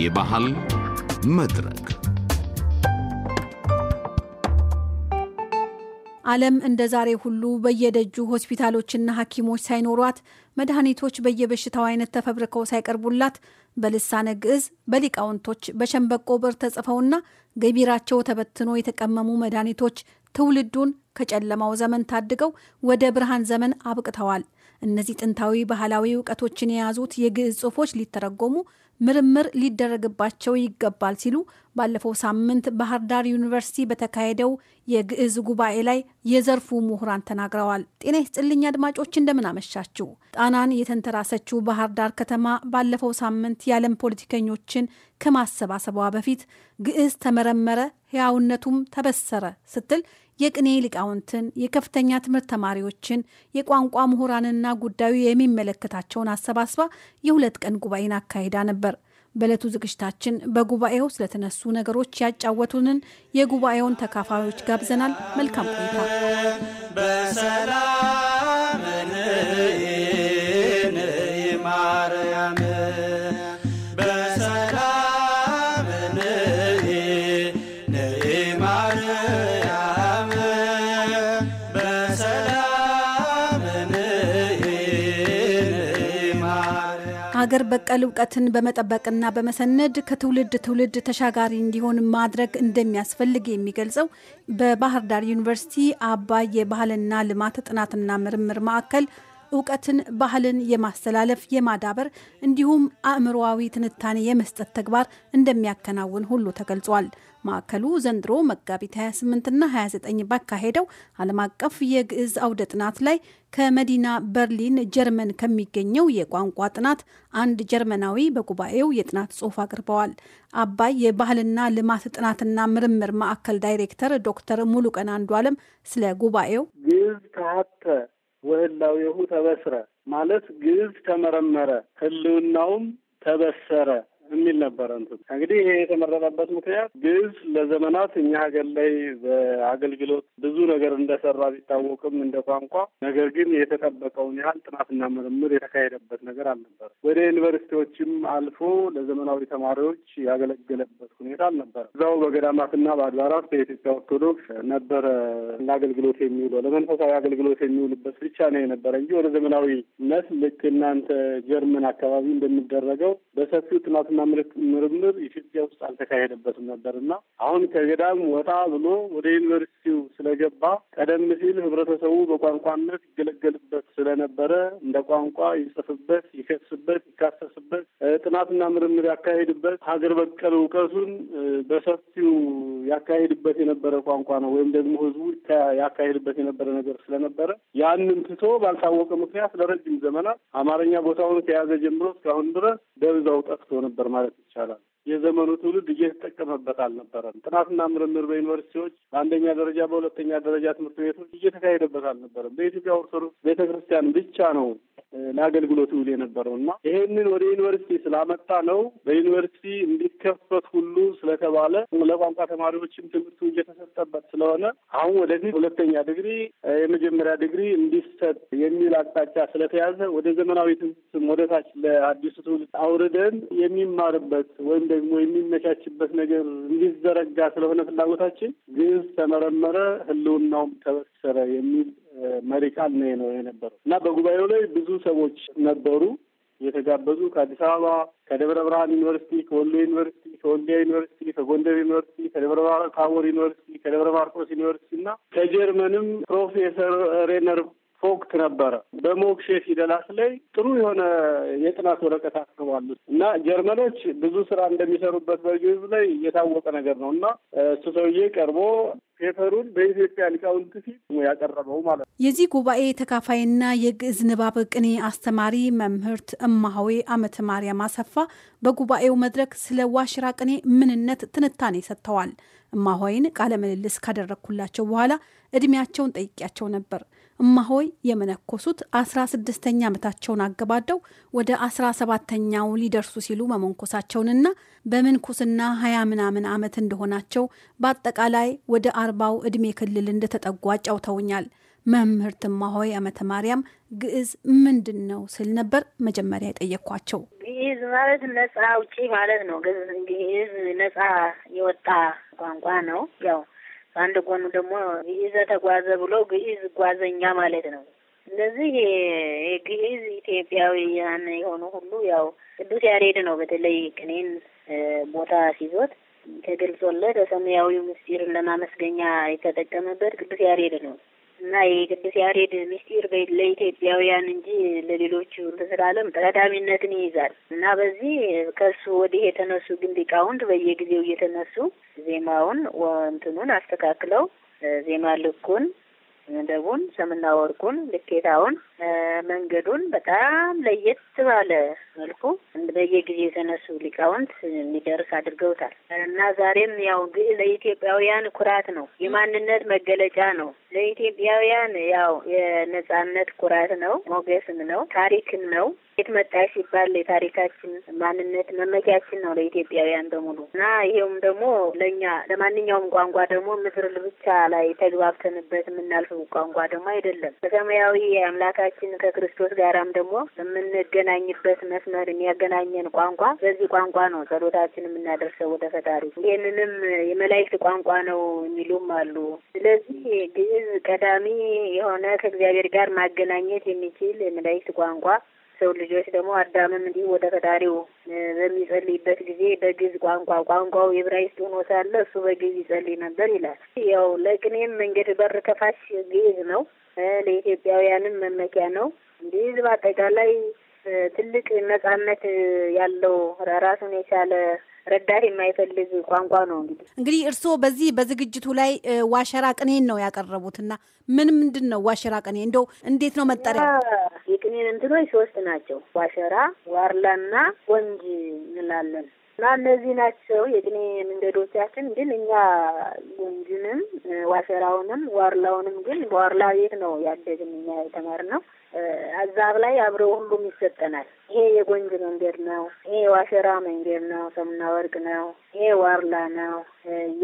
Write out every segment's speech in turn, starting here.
የባህል መድረክ ዓለም እንደ ዛሬ ሁሉ በየደጁ ሆስፒታሎችና ሐኪሞች ሳይኖሯት መድኃኒቶች በየበሽታው አይነት ተፈብርከው ሳይቀርቡላት በልሳነ ግዕዝ በሊቃውንቶች በሸንበቆ ብር ተጽፈውና ገቢራቸው ተበትኖ የተቀመሙ መድኃኒቶች ትውልዱን ከጨለማው ዘመን ታድገው ወደ ብርሃን ዘመን አብቅተዋል። እነዚህ ጥንታዊ ባህላዊ እውቀቶችን የያዙት የግዕዝ ጽሑፎች ሊተረጎሙ ምርምር ሊደረግባቸው ይገባል ሲሉ ባለፈው ሳምንት ባህር ዳር ዩኒቨርሲቲ በተካሄደው የግዕዝ ጉባኤ ላይ የዘርፉ ምሁራን ተናግረዋል። ጤና ይስጥልኝ አድማጮች፣ እንደምን አመሻችሁ። ጣናን የተንተራሰችው ባህር ዳር ከተማ ባለፈው ሳምንት የዓለም ፖለቲከኞችን ከማሰባሰቧ በፊት ግዕዝ ተመረመረ፣ ሕያውነቱም ተበሰረ ስትል የቅኔ ሊቃውንትን፣ የከፍተኛ ትምህርት ተማሪዎችን፣ የቋንቋ ምሁራንና ጉዳዩ የሚመለከታቸውን አሰባስባ የሁለት ቀን ጉባኤን አካሂዳ ነበር። በዕለቱ ዝግጅታችን በጉባኤው ስለተነሱ ነገሮች ያጫወቱንን የጉባኤውን ተካፋዮች ጋብዘናል። መልካም ቆይታ። በቀል እውቀትን በመጠበቅና በመሰነድ ከትውልድ ትውልድ ተሻጋሪ እንዲሆን ማድረግ እንደሚያስፈልግ የሚገልጸው በባህር ዳር ዩኒቨርሲቲ አባይ የባህልና ልማት ጥናትና ምርምር ማዕከል እውቀትን፣ ባህልን የማስተላለፍ የማዳበር እንዲሁም አእምሮዊ ትንታኔ የመስጠት ተግባር እንደሚያከናውን ሁሉ ተገልጿል። ማዕከሉ ዘንድሮ መጋቢት 28ና 29 ባካሄደው ዓለም አቀፍ የግዕዝ አውደ ጥናት ላይ ከመዲና በርሊን ጀርመን ከሚገኘው የቋንቋ ጥናት አንድ ጀርመናዊ በጉባኤው የጥናት ጽሑፍ አቅርበዋል። አባይ የባህልና ልማት ጥናትና ምርምር ማዕከል ዳይሬክተር ዶክተር ሙሉቀን አንዱ አለም ስለ ጉባኤው ግዕዝ ተሀተ ወህላዌሁ ተበስረ ማለት ግዕዝ ተመረመረ ህልውናውም ተበሰረ የሚል ነበረ። እንትን እንግዲህ ይሄ የተመረጠበት ምክንያት ግዕዝ ለዘመናት እኛ ሀገር ላይ በአገልግሎት ብዙ ነገር እንደሰራ ቢታወቅም እንደ ቋንቋ ነገር ግን የተጠበቀውን ያህል ጥናትና ምርምር የተካሄደበት ነገር አልነበረ። ወደ ዩኒቨርሲቲዎችም አልፎ ለዘመናዊ ተማሪዎች ያገለገለበት ሁኔታ አልነበረ። እዛው በገዳማትና በአድባራት በኢትዮጵያ ኦርቶዶክስ ነበረ ለአገልግሎት የሚውለው ለመንፈሳዊ አገልግሎት የሚውልበት ብቻ ነው የነበረ እንጂ ወደ ዘመናዊነት ልክ እናንተ ጀርመን አካባቢ እንደሚደረገው በሰፊው ጥናትና ምርምር ኢትዮጵያ ውስጥ አልተካሄደበትም ነበር እና አሁን ከገዳም ወጣ ብሎ ወደ ዩኒቨርሲቲው ስለገባ ቀደም ሲል ህብረተሰቡ በቋንቋነት ይገለገልበት ስለነበረ እንደ ቋንቋ ይጽፍበት፣ ይከስበት፣ ይካሰስበት፣ ጥናትና ምርምር ያካሄድበት፣ ሀገር በቀል እውቀቱን በሰፊው ያካሄድበት የነበረ ቋንቋ ነው ወይም ደግሞ ህዝቡ ያካሄድበት የነበረ ነገር ስለነበረ ያንን ትቶ ባልታወቀ ምክንያት ለረጅም ዘመናት አማርኛ ቦታውን ከያዘ ጀምሮ እስካሁን ድረስ ደብዛው ጠፍቶ ነበር። ነበር ማለት ይቻላል። የዘመኑ ትውልድ እየተጠቀመበት አልነበረም። ጥናትና ምርምር በዩኒቨርሲቲዎች በአንደኛ ደረጃ፣ በሁለተኛ ደረጃ ትምህርት ቤቶች እየተካሄደበት አልነበረም። በኢትዮጵያ ኦርቶዶክስ ቤተ ክርስቲያን ብቻ ነው ለአገልግሎት ውል የነበረው እና ይሄንን ወደ ዩኒቨርሲቲ ስላመጣ ነው በዩኒቨርሲቲ እንዲከፈት ሁሉ ስለተባለ ለቋንቋ ተማሪዎችም ትምህርቱ እየተሰጠበት ስለሆነ አሁን ወደፊት ሁለተኛ ዲግሪ፣ የመጀመሪያ ዲግሪ እንዲሰጥ የሚል አቅጣጫ ስለተያዘ ወደ ዘመናዊ ትምህርት ወደታች ለአዲሱ ትውልድ አውርደን የሚማርበት ወይም ደግሞ የሚመቻችበት ነገር እንዲዘረጋ ስለሆነ ፍላጎታችን ግዕዝ ተመረመረ፣ ህልውናውም ተበሰረ የሚል መሪ ቃል ነው ነው የነበረው እና በጉባኤው ላይ ብዙ ሰዎች ነበሩ የተጋበዙ ከአዲስ አበባ፣ ከደብረ ብርሃን ዩኒቨርሲቲ፣ ከወሎ ዩኒቨርሲቲ፣ ከወልዲያ ዩኒቨርሲቲ፣ ከጎንደር ዩኒቨርሲቲ፣ ከደብረ ታቦር ዩኒቨርሲቲ፣ ከደብረ ማርቆስ ዩኒቨርሲቲ እና ከጀርመንም ፕሮፌሰር ሬነር ፎክት ነበረ። በሞክሼ ፊደላት ላይ ጥሩ የሆነ የጥናት ወረቀት አስገባሉ እና ጀርመኖች ብዙ ስራ እንደሚሰሩበት በግዕዝ ላይ የታወቀ ነገር ነው እና እሱ ሰውዬ ቀርቦ ፔፐሩን በኢትዮጵያ ሊቃውንት ፊት ያቀረበው ማለት ነው። የዚህ ጉባኤ ተካፋይና የግዕዝ ንባብ ቅኔ አስተማሪ መምህርት እማሆዌ አመተ ማርያም አሰፋ በጉባኤው መድረክ ስለ ዋሽራ ቅኔ ምንነት ትንታኔ ሰጥተዋል። እማሆይን ቃለ ምልልስ ካደረግኩላቸው በኋላ እድሜያቸውን ጠይቄያቸው ነበር። እማሆይ የመነኮሱት አስራ ስድስተኛ ዓመታቸውን አገባደው ወደ አስራ ሰባተኛው ሊደርሱ ሲሉ መመንኮሳቸውንና በምንኩስና ሀያ ምናምን ዓመት እንደሆናቸው በአጠቃላይ ወደ አርባው ዕድሜ ክልል እንደተጠጉ አጫውተውኛል። መምህርት እማሆይ ዓመተ ማርያም ግዕዝ ምንድን ነው ስል ነበር መጀመሪያ የጠየኳቸው። ግዕዝ ማለት ነጻ አውጪ ማለት ነው። ግዕዝ ነጻ የወጣ ቋንቋ ነው ያው አንድ ጎኑ ደግሞ ግዕዘ ተጓዘ ብሎ ግዕዝ ጓዘኛ ማለት ነው። እነዚህ ግዕዝ ኢትዮጵያውያን የሆኑ ሁሉ ያው ቅዱስ ያሬድ ነው በተለይ ቅኔን ቦታ ሲዞት ተገልጾለት ወለድ ሰማያዊ ምስጢርን ለማመስገኛ የተጠቀመበት ቅዱስ ያሬድ ነው። እና የቅዱስ ያሬድ ምስጢር ለኢትዮጵያውያን እንጂ ለሌሎቹ ስላለም ቀዳሚነትን ይይዛል እና በዚህ ከሱ ወዲህ የተነሱ ግን ሊቃውንት በየጊዜው እየተነሱ ዜማውን ወንትኑን አስተካክለው ዜማ ልኩን ደቡን ሰምና ወርቁን ልኬታውን መንገዱን በጣም ለየት ባለ መልኩ በየጊዜ የተነሱ ሊቃውንት እንዲደርስ አድርገውታል እና ዛሬም ያው ለኢትዮጵያውያን ኩራት ነው፣ የማንነት መገለጫ ነው። ለኢትዮጵያውያን ያው የነጻነት ኩራት ነው፣ ሞገስም ነው፣ ታሪክም ነው። የት መጣሽ ሲባል የታሪካችን ማንነት መመኪያችን ነው ለኢትዮጵያውያን በሙሉ እና ይሄውም ደግሞ ለእኛ ለማንኛውም ቋንቋ ደግሞ ምድር ብቻ ላይ ተግባብተንበት የምናልፈው ቋንቋ ደግሞ አይደለም። በሰማያዊ አምላካችን ከክርስቶስ ጋራም ደግሞ የምንገናኝበት መስመር የሚያገናኘን ቋንቋ በዚህ ቋንቋ ነው ጸሎታችን የምናደርሰው ወደ ፈጣሪ። ይህንንም የመላእክት ቋንቋ ነው የሚሉም አሉ። ስለዚህ ግዕዝ ቀዳሚ የሆነ ከእግዚአብሔር ጋር ማገናኘት የሚችል የመላእክት ቋንቋ ሰው ልጆች ደግሞ አዳምም እንዲህ ወደ ፈጣሪው በሚጸልይበት ጊዜ በግዕዝ ቋንቋ ቋንቋው የብራይስ ሆኖ ሳለ እሱ በግዕዝ ይጸልይ ነበር ይላል። ያው ለቅኔም መንገድ በር ከፋሽ ግዕዝ ነው። ለኢትዮጵያውያንም መመኪያ ነው። ግዕዝ በአጠቃላይ ትልቅ ነጻነት ያለው ራሱን የቻለ ረዳት የማይፈልግ ቋንቋ ነው። እንግዲህ እንግዲህ እርስዎ በዚህ በዝግጅቱ ላይ ዋሸራ ቅኔን ነው ያቀረቡትና ምን ምንድን ነው ዋሸራ ቅኔ? እንደው እንዴት ነው መጠሪያ? የቅኔን እንትኖች ሶስት ናቸው። ዋሸራ፣ ዋርላና ቆንጅ እንላለን እና እነዚህ ናቸው የቅኔ መንገዶቻችን። ግን እኛ ጎንጅንም ዋሸራውንም ዋርላውንም ግን በዋርላ ቤት ነው ያደግን እኛ የተማርነው አዛብ ላይ አብሮ ሁሉም ይሰጠናል። ይሄ የጎንጅ መንገድ ነው፣ ይሄ የዋሸራ መንገድ ነው፣ ሰሙና ወርቅ ነው፣ ይሄ ዋርላ ነው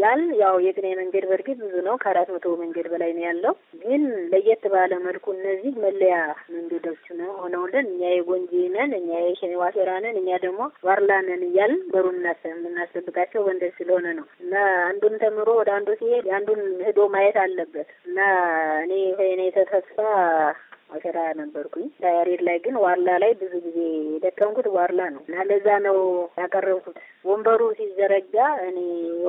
ያል ያው የቅኔ መንገድ በእርግጥ ብዙ ነው፣ ከአራት መቶ መንገድ በላይ ነው ያለው። ግን ለየት ባለ መልኩ እነዚህ መለያ መንገዶች ነው ሆነውልን እኛ የጎንጂ ነን፣ እኛ የዋሸራ ነን፣ እኛ ደግሞ ዋርላ ነን እያል በሩ የምናስጠብቃቸው ወንደር ስለሆነ ነው እና አንዱን ተምሮ ወደ አንዱ ሲሄድ አንዱን ህዶ ማየት አለበት እና እኔ ኔ ተተስፋ አገራ ነበርኩኝ። ሬድ ላይ ግን ዋርላ ላይ ብዙ ጊዜ የደከምኩት ዋርላ ነው እና ለዛ ነው ያቀረብኩት። ወንበሩ ሲዘረጋ እኔ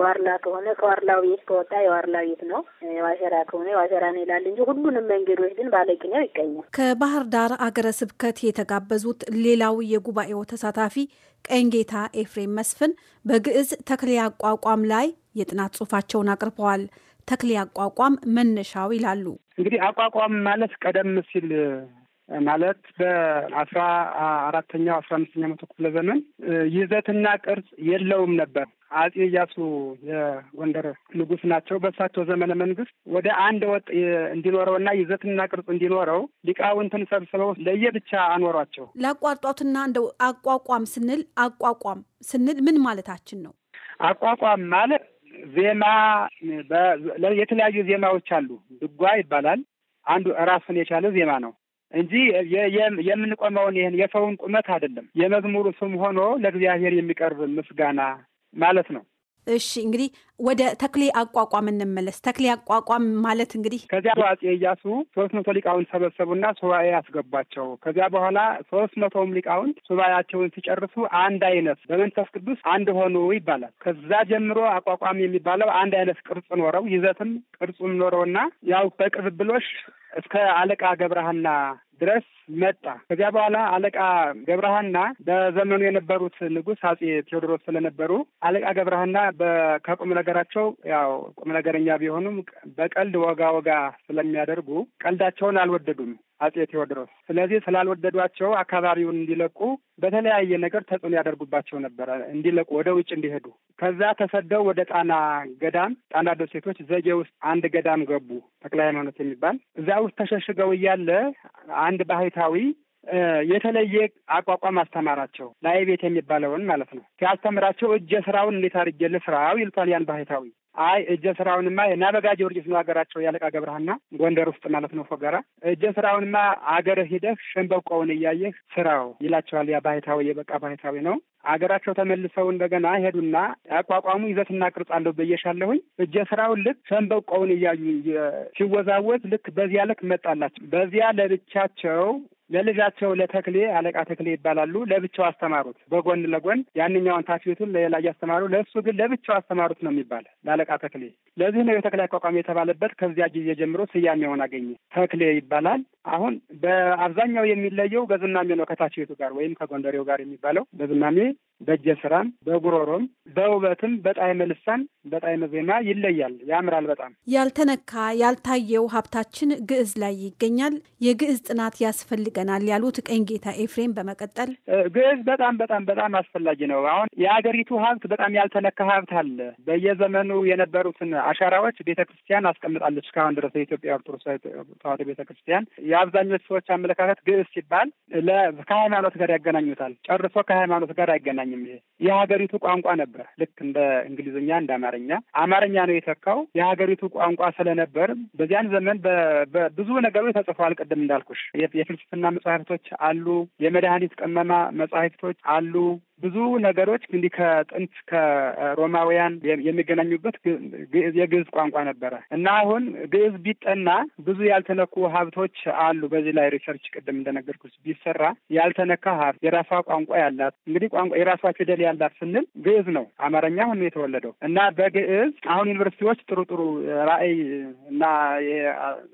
ዋርላ ከሆነ ከዋርላ ቤት ከወጣ የዋርላ ቤት ነው፣ የዋሸራ ከሆነ የዋሸራ ነው ይላል እንጂ ሁሉንም መንገዶች ግን ባለቅኔው ይቀኛል። ከባህር ዳር አገረ ስብከት የተጋበዙት ሌላው የጉባኤው ተሳታፊ ቀንጌታ ኤፍሬም መስፍን በግዕዝ ተክሌ አቋቋም ላይ የጥናት ጽሁፋቸውን አቅርበዋል። ተክሌ አቋቋም መነሻው ይላሉ እንግዲህ አቋቋም ማለት ቀደም ሲል ማለት በአስራ አራተኛው አስራ አምስተኛ መቶ ክፍለ ዘመን ይዘትና ቅርጽ የለውም ነበር። አጼ እያሱ የጎንደር ንጉስ ናቸው። በእሳቸው ዘመነ መንግስት ወደ አንድ ወጥ እንዲኖረውና ይዘትና ቅርጽ እንዲኖረው ሊቃውንትን ሰብስበው ለየብቻ አኖሯቸው። ላቋርጧትና እንደው አቋቋም ስንል አቋቋም ስንል ምን ማለታችን ነው? አቋቋም ማለት ዜማ የተለያዩ ዜማዎች አሉ። ድጓ ይባላል። አንዱ ራሱን የቻለ ዜማ ነው እንጂ የምንቆመውን ይህን የሰውን ቁመት አይደለም። የመዝሙሩ ስም ሆኖ ለእግዚአብሔር የሚቀርብ ምስጋና ማለት ነው። እሺ እንግዲህ ወደ ተክሌ አቋቋም እንመለስ። ተክሌ አቋቋም ማለት እንግዲህ ከዚያ በአጼ እያሱ ሶስት መቶ ሊቃውንት ሰበሰቡና ሱባኤ ያስገቧቸው። ከዚያ በኋላ ሶስት መቶም ሊቃውንት ሱባኤያቸውን ሲጨርሱ አንድ አይነት በመንፈስ ቅዱስ አንድ ሆኑ ይባላል። ከዛ ጀምሮ አቋቋም የሚባለው አንድ አይነት ቅርጽ ኖረው ይዘትም ቅርጹም ኖረውና ያው በቅብብሎሽ እስከ አለቃ ገብረሃና ድረስ መጣ። ከዚያ በኋላ አለቃ ገብረሃና በዘመኑ የነበሩት ንጉሥ አጼ ቴዎድሮስ ስለነበሩ አለቃ ገብረሃና ከቁም ነገር በመናገራቸው ያው ቁም ነገረኛ ቢሆኑም በቀልድ ወጋ ወጋ ስለሚያደርጉ ቀልዳቸውን አልወደዱም አጼ ቴዎድሮስ። ስለዚህ ስላልወደዷቸው አካባቢውን እንዲለቁ በተለያየ ነገር ተጽዕኖ ያደርጉባቸው ነበረ፣ እንዲለቁ ወደ ውጭ እንዲሄዱ። ከዛ ተሰደው ወደ ጣና ገዳም፣ ጣና ደሴቶች ዘጌ ውስጥ አንድ ገዳም ገቡ፣ ተክለ ሃይማኖት የሚባል እዛ ውስጥ ተሸሽገው እያለ አንድ ባህታዊ የተለየ አቋቋም አስተማራቸው። ላይ ቤት የሚባለውን ማለት ነው። ሲያስተምራቸው እጀ ስራውን እንዴት አድርጌ ልስራው ይሉታል ያን ባህታዊ። አይ እጀ ስራውንማ የናበጋ ጊዮርጊስ ነው ሀገራቸው ያለቃ ገብረሃና ጎንደር ውስጥ ማለት ነው ፎገራ። እጀ ስራውንማ አገር ሂደህ ሸንበቆውን እያየህ ስራው ይላቸዋል። ያ ባህታዊ የበቃ ባህታዊ ነው። አገራቸው ተመልሰው እንደገና ሄዱና ያቋቋሙ ይዘትና ቅርጽ አለው ብዬሻለሁኝ። እጀ ስራውን ልክ ሸንበቆውን እያዩ ሲወዛወዝ ልክ በዚያ ልክ መጣላቸው። በዚያ ለብቻቸው ለልጃቸው ለተክሌ አለቃ ተክሌ ይባላሉ ለብቻው አስተማሩት። በጎን ለጎን ያንኛውን ታፊቱን ለሌላ እያስተማሩ ለእሱ ግን ለብቻው አስተማሩት ነው የሚባል ለአለቃ ተክሌ። ለዚህ ነው የተክሌ አቋቋሚ የተባለበት። ከዚያ ጊዜ ጀምሮ ስያሜውን አገኘ፣ ተክሌ ይባላል። አሁን በአብዛኛው የሚለየው በዝናሜ ነው ከታፊቱ ጋር ወይም ከጎንደሬው ጋር የሚባለው በዝናሜ በእጀ ስራም በጉሮሮም በውበትም በጣዕመ ልሳን በጣዕመ ዜማ ይለያል፣ ያምራል። በጣም ያልተነካ ያልታየው ሀብታችን ግዕዝ ላይ ይገኛል። የግዕዝ ጥናት ያስፈልገናል ያሉት ቀኝ ጌታ ኤፍሬም በመቀጠል ግዕዝ በጣም በጣም በጣም አስፈላጊ ነው። አሁን የሀገሪቱ ሀብት በጣም ያልተነካ ሀብት አለ። በየዘመኑ የነበሩትን አሻራዎች ቤተ ክርስቲያን አስቀምጣለች። እስካሁን ድረስ የኢትዮጵያ ኦርቶዶክስ ተዋሕዶ ቤተ ክርስቲያን የአብዛኞች ሰዎች አመለካከት ግዕዝ ሲባል ከሃይማኖት ጋር ያገናኙታል። ጨርሶ ከሃይማኖት ጋር አይገናኙ አይገባኝም። ይሄ የሀገሪቱ ቋንቋ ነበር፣ ልክ እንደ እንግሊዝኛ እንደ አማርኛ። አማርኛ ነው የተካው የሀገሪቱ ቋንቋ ስለነበር በዚያን ዘመን ብዙ ነገሮች ተጽፈዋል። ቅድም እንዳልኩሽ የፍልስፍና መጽሐፍቶች አሉ፣ የመድኃኒት ቅመማ መጽሐፍቶች አሉ፣ ብዙ ነገሮች እንግዲህ ከጥንት ከሮማውያን የሚገናኙበት የግዕዝ ቋንቋ ነበረ እና አሁን ግዕዝ ቢጠና ብዙ ያልተነኩ ሀብቶች አሉ። በዚህ ላይ ሪሰርች ቅድም እንደነገርኩት ቢሰራ ያልተነካ ሀብት የራሷ ቋንቋ ያላት እንግዲህ ቋንቋ የራሷ ፊደል ያላት ስንል ግዕዝ ነው። አማርኛ አሁን የተወለደው እና በግዕዝ አሁን ዩኒቨርሲቲዎች ጥሩ ጥሩ ራዕይ እና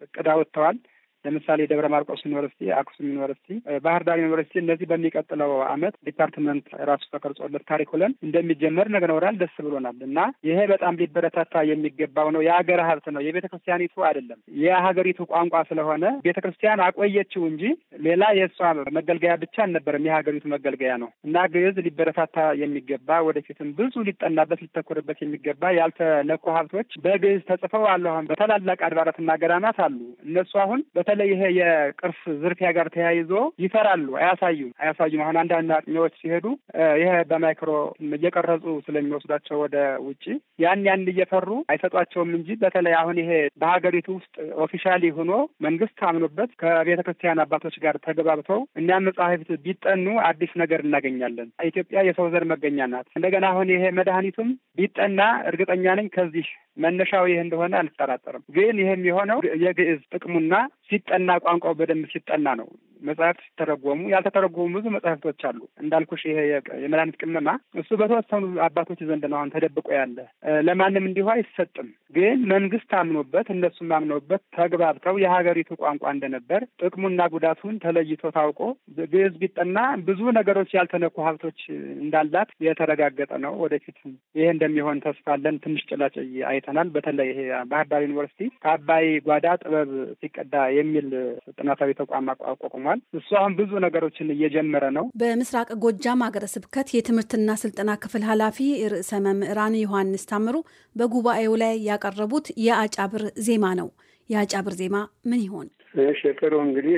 እቅድ አውጥተዋል። ለምሳሌ ደብረ ማርቆስ ዩኒቨርሲቲ፣ አክሱም ዩኒቨርሲቲ፣ ባህር ዳር ዩኒቨርሲቲ እነዚህ በሚቀጥለው አመት ዲፓርትመንት ራሱ ተቀርጾለት ካሪኩለም እንደሚጀመር ነግረውናል። ደስ ብሎናል እና ይሄ በጣም ሊበረታታ የሚገባው ነው። የሀገር ሀብት ነው፣ የቤተ ክርስቲያኒቱ አይደለም። የሀገሪቱ ቋንቋ ስለሆነ ቤተ ክርስቲያን አቆየችው እንጂ ሌላ የእሷ መገልገያ ብቻ አልነበረም። የሀገሪቱ መገልገያ ነው እና ግዕዝ ሊበረታታ የሚገባ ወደፊትም ብዙ ሊጠናበት ሊተኮርበት የሚገባ ያልተነኩ ሀብቶች በግዕዝ ተጽፈው አለሁን በታላላቅ አድባራትና ገዳማት አሉ። እነሱ አሁን በተለይ ይሄ የቅርስ ዝርፊያ ጋር ተያይዞ ይፈራሉ፣ አያሳዩም አያሳዩም። አሁን አንዳንድ አጥኚዎች ሲሄዱ ይሄ በማይክሮ እየቀረጹ ስለሚወስዳቸው ወደ ውጭ ያን ያን እየፈሩ አይሰጧቸውም እንጂ በተለይ አሁን ይሄ በሀገሪቱ ውስጥ ኦፊሻሊ ሆኖ መንግስት አምኖበት ከቤተ ክርስቲያን አባቶች ጋር ተገባብተው እኒያ መጽሐፊት ቢጠኑ አዲስ ነገር እናገኛለን። ኢትዮጵያ የሰው ዘር መገኛ ናት። እንደገና አሁን ይሄ መድኃኒቱም ቢጠና እርግጠኛ ነኝ ከዚህ መነሻው ይህ እንደሆነ አንጠራጠርም። ግን ይህም የሆነው የግዕዝ ጥቅሙና ሲጠና ቋንቋው በደንብ ሲጠና ነው። መጽሐፍት ሲተረጎሙ ያልተተረጎሙ ብዙ መጽሐፍቶች አሉ። እንዳልኩሽ ይሄ የመድኃኒት ቅመማ እሱ በተወሰኑ አባቶች ዘንድ ነው አሁን ተደብቆ ያለ ለማንም እንዲሁ አይሰጥም። ግን መንግስት አምኖበት እነሱም አምኖበት ተግባብተው የሀገሪቱ ቋንቋ እንደነበር ጥቅሙና ጉዳቱን ተለይቶ ታውቆ ግዕዝ ቢጠና ብዙ ነገሮች ያልተነኩ ሀብቶች እንዳላት የተረጋገጠ ነው። ወደፊት ይሄ እንደሚሆን ተስፋ አለን። ትንሽ ጭላጭ አይተናል። በተለይ ይሄ ባህር ዳር ዩኒቨርሲቲ ከአባይ ጓዳ ጥበብ ሲቀዳ የሚል ጥናታዊ ተቋም አቋቁሞ ተጠቅሟል። እሱ አሁን ብዙ ነገሮችን እየጀመረ ነው። በምስራቅ ጎጃም ሀገረ ስብከት የትምህርትና ስልጠና ክፍል ኃላፊ ርዕሰ መምህራን ዮሐንስ ታምሩ በጉባኤው ላይ ያቀረቡት የአጫብር ዜማ ነው። የአጫብር ዜማ ምን ይሆን? እሺ እንግዲህ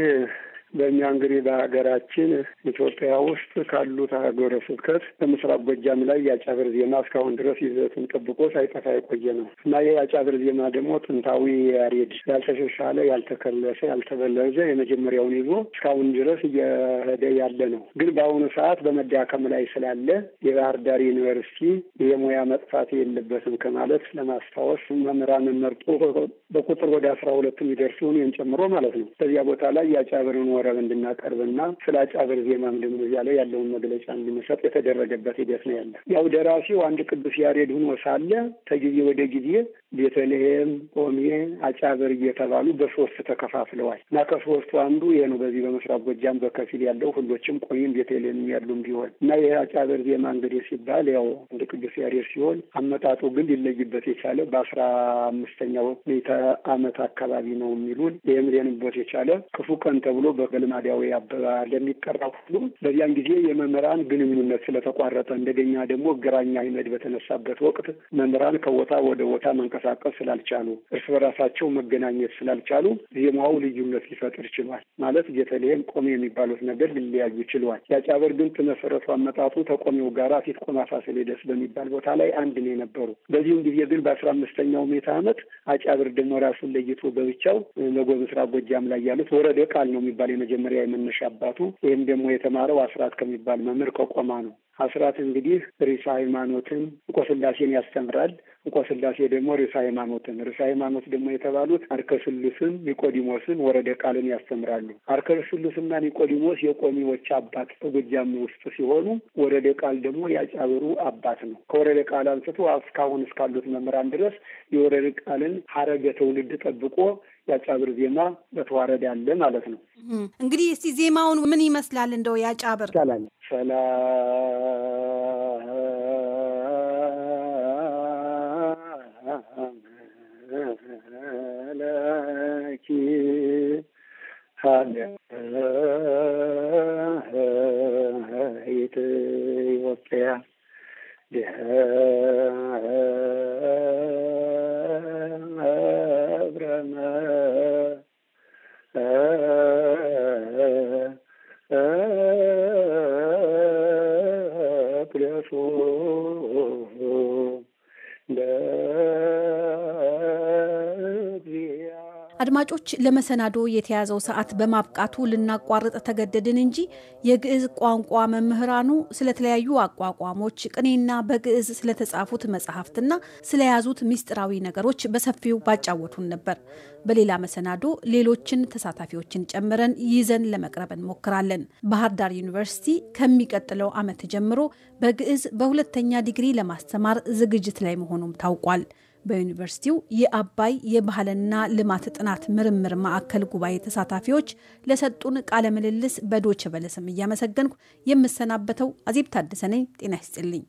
በእኛ እንግዲህ በሀገራችን ኢትዮጵያ ውስጥ ካሉት ሀገረ ስብከት በምስራቅ ጎጃም ላይ የአጫብር ዜማ እስካሁን ድረስ ይዘቱን ጠብቆ ሳይጠፋ የቆየ ነው እና ይህ የአጫብር ዜማ ደግሞ ጥንታዊ ያሬድ ያልተሻሻለ፣ ያልተከለሰ፣ ያልተበለዘ የመጀመሪያውን ይዞ እስካሁን ድረስ እየሄደ ያለ ነው። ግን በአሁኑ ሰዓት በመዳከም ላይ ስላለ የባህር ዳር ዩኒቨርሲቲ የሙያ መጥፋት የለበትም ከማለት ለማስታወስ መምህራንን መርጦ በቁጥር ወደ አስራ ሁለት የሚደርሱን ጨምሮ ማለት ነው በዚያ ቦታ ላይ የአጫብርን መረብ እንድናቀርብና ስለ አጫብር ዜማም ደግሞ እዚያ ላይ ያለውን መግለጫ እንድንሰጥ የተደረገበት ሂደት ነው ያለ። ያው ደራሲው አንድ ቅዱስ ያሬድ ሆኖ ሳለ ከጊዜ ወደ ጊዜ ቤተልሔም፣ ቆሜ፣ አጫብር እየተባሉ በሶስት ተከፋፍለዋል እና ከሶስቱ አንዱ ይሄ ነው። በዚህ በምስራቅ ጎጃም በከፊል ያለው ሁሎችም ቆይም ቤተልሔም ያሉም ቢሆን እና ይህ አጫብር ዜማ እንግዲህ ሲባል ያው አንድ ቅዱስ ያሬድ ሲሆን አመጣጡ ግን ሊለይበት የቻለ በአስራ አምስተኛው ሜተ ዓመት አካባቢ ነው የሚሉን ይህም ሊንበት የቻለ ክፉ ቀን ተብሎ በ በልማዳዊ አበባ ለሚጠራው ሁሉ በዚያን ጊዜ የመምህራን ግንኙነት ስለተቋረጠ እንደገኛ ደግሞ ግራኝ አህመድ በተነሳበት ወቅት መምህራን ከቦታ ወደ ቦታ መንቀሳቀስ ስላልቻሉ፣ እርስ በራሳቸው መገናኘት ስላልቻሉ ዜማው ልዩነት ሊፈጥር ችሏል። ማለት ጌተልሔም ቆሜ የሚባሉት ነገር ሊለያዩ ችለዋል። የአጫበር ግን መሰረቱ አመጣጡ ተቆሚው ጋራ ፊት ቆማሳ ሰሌደስ በሚባል ቦታ ላይ አንድ ነው የነበሩ። በዚህም ጊዜ ግን በአስራ አምስተኛው ምዕተ ዓመት አጫብር ደግሞ ራሱን ለይቶ በብቻው ለጎ ምስራቅ ጎጃም ላይ ያሉት ወረደ ቃል ነው የሚባል የመጀመሪያ የመነሻ አባቱ ይህም ደግሞ የተማረው አስራት ከሚባል መምህር ከቆማ ነው። አስራት እንግዲህ ርዕሰ ሃይማኖትን እንቆስላሴን ያስተምራል። እንቆስላሴ ደግሞ ርዕሰ ሃይማኖትን፣ ርዕሰ ሃይማኖት ደግሞ የተባሉት አርከስሉስን፣ ኒቆዲሞስን፣ ወረደ ቃልን ያስተምራሉ። አርከስሉስና ኒቆዲሞስ የቆሚዎች አባት በጎጃም ውስጥ ሲሆኑ ወረደ ቃል ደግሞ ያጫብሩ አባት ነው። ከወረደ ቃል አንስቶ እስካሁን እስካሉት መምህራን ድረስ የወረደ ቃልን ሀረገ ትውልድ ጠብቆ ያጫብር ዜማ በተዋረድ ያለ ማለት ነው። እንግዲህ እስቲ ዜማውን ምን ይመስላል? እንደው ያጫብር ይቻላል ሰላ Yeah. አድማጮች ለመሰናዶ የተያዘው ሰዓት በማብቃቱ ልናቋርጥ ተገደድን እንጂ የግዕዝ ቋንቋ መምህራኑ ስለተለያዩ አቋቋሞች ቅኔና በግዕዝ ስለተጻፉት መጽሐፍትና ስለያዙት ሚስጥራዊ ነገሮች በሰፊው ባጫወቱን ነበር። በሌላ መሰናዶ ሌሎችን ተሳታፊዎችን ጨምረን ይዘን ለመቅረብ እንሞክራለን። ባህር ዳር ዩኒቨርሲቲ ከሚቀጥለው ዓመት ጀምሮ በግዕዝ በሁለተኛ ዲግሪ ለማስተማር ዝግጅት ላይ መሆኑም ታውቋል። በዩኒቨርሲቲው የአባይ የባህልና ልማት ጥናት ምርምር ማዕከል ጉባኤ ተሳታፊዎች ለሰጡን ቃለ ምልልስ በዶች በለስም እያመሰገንኩ የምሰናበተው አዜብ ታደሰ ነኝ። ጤና ይስጥልኝ።